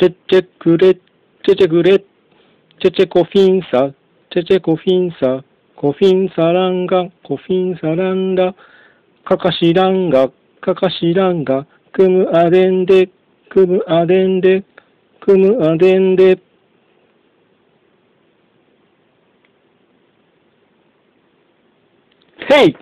チェチェクレッチェチェクレッチェチェコフィンサチェチェコフィンサコフィンサランガコフィンサランダカカシランガカカシランガクムアデンデクムアデンデクムアデンデヘイ、